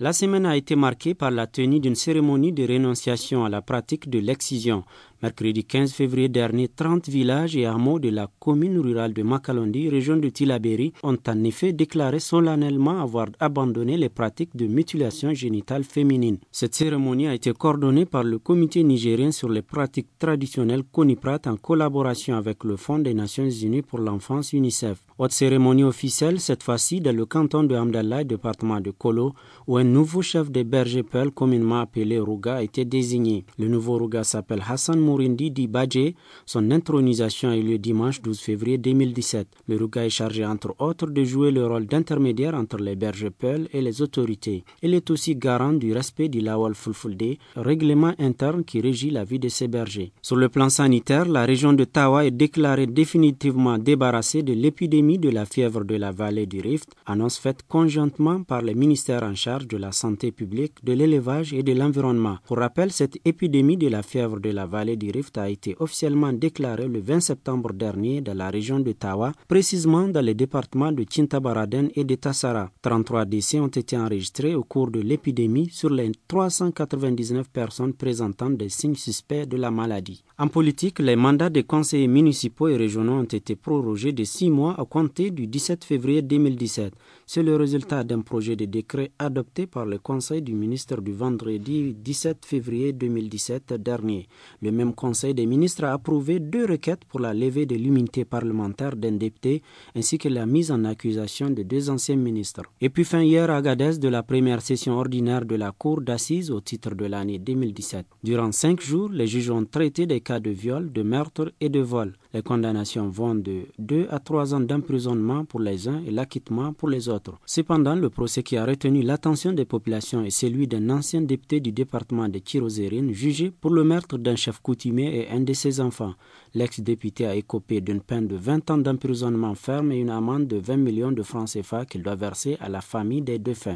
La semaine a été marquée par la tenue d'une cérémonie de rénonciation à la pratique de l'excision, Mercredi 15 février dernier, 30 villages et hameaux de la commune rurale de Makalondi, région de Tilaberi, ont en effet déclaré solennellement avoir abandonné les pratiques de mutilation génitale féminine. Cette cérémonie a été coordonnée par le Comité nigérien sur les pratiques traditionnelles CONIPRAT en collaboration avec le Fonds des Nations Unies pour l'enfance UNICEF. Autre cérémonie officielle, cette fois-ci dans le canton de Hamdallah, département de Kolo, où un nouveau chef des bergers communément appelé Ruga a été désigné. Le nouveau s'appelle Hassan dit Badje. Son intronisation a eu lieu dimanche 12 février 2017. Le Ruga est chargé, entre autres, de jouer le rôle d'intermédiaire entre les bergers Peul et les autorités. Il est aussi garant du respect du Lawal Fulfulde, règlement interne qui régit la vie de ces bergers. Sur le plan sanitaire, la région de Tawa est déclarée définitivement débarrassée de l'épidémie de la fièvre de la vallée du Rift, annonce faite conjointement par les ministères en charge de la santé publique, de l'élevage et de l'environnement. Pour rappel, cette épidémie de la fièvre de la vallée du Rift a été officiellement déclaré le 20 septembre dernier dans la région de Tawa, précisément dans les départements de Tintabaraden et de Tassara. 33 décès ont été enregistrés au cours de l'épidémie sur les 399 personnes présentant des signes suspects de la maladie. En politique, les mandats des conseillers municipaux et régionaux ont été prorogés de six mois à compter du 17 février 2017. C'est le résultat d'un projet de décret adopté par le Conseil du ministre du vendredi 17 février 2017 dernier. Le même Conseil des ministres a approuvé deux requêtes pour la levée de l'immunité parlementaire d'un député ainsi que la mise en accusation de deux anciens ministres. Et puis fin hier à Gades de la première session ordinaire de la Cour d'assises au titre de l'année 2017. Durant cinq jours, les juges ont traité des cas de viol, de meurtre et de vol. Les condamnations vont de 2 à 3 ans d'emprisonnement pour les uns et l'acquittement pour les autres. Cependant, le procès qui a retenu l'attention des populations est celui d'un ancien député du département de Kirozérine jugé pour le meurtre d'un chef coutumier et un de ses enfants. L'ex-député a écopé d'une peine de 20 ans d'emprisonnement ferme et une amende de 20 millions de francs CFA qu'il doit verser à la famille des défunts.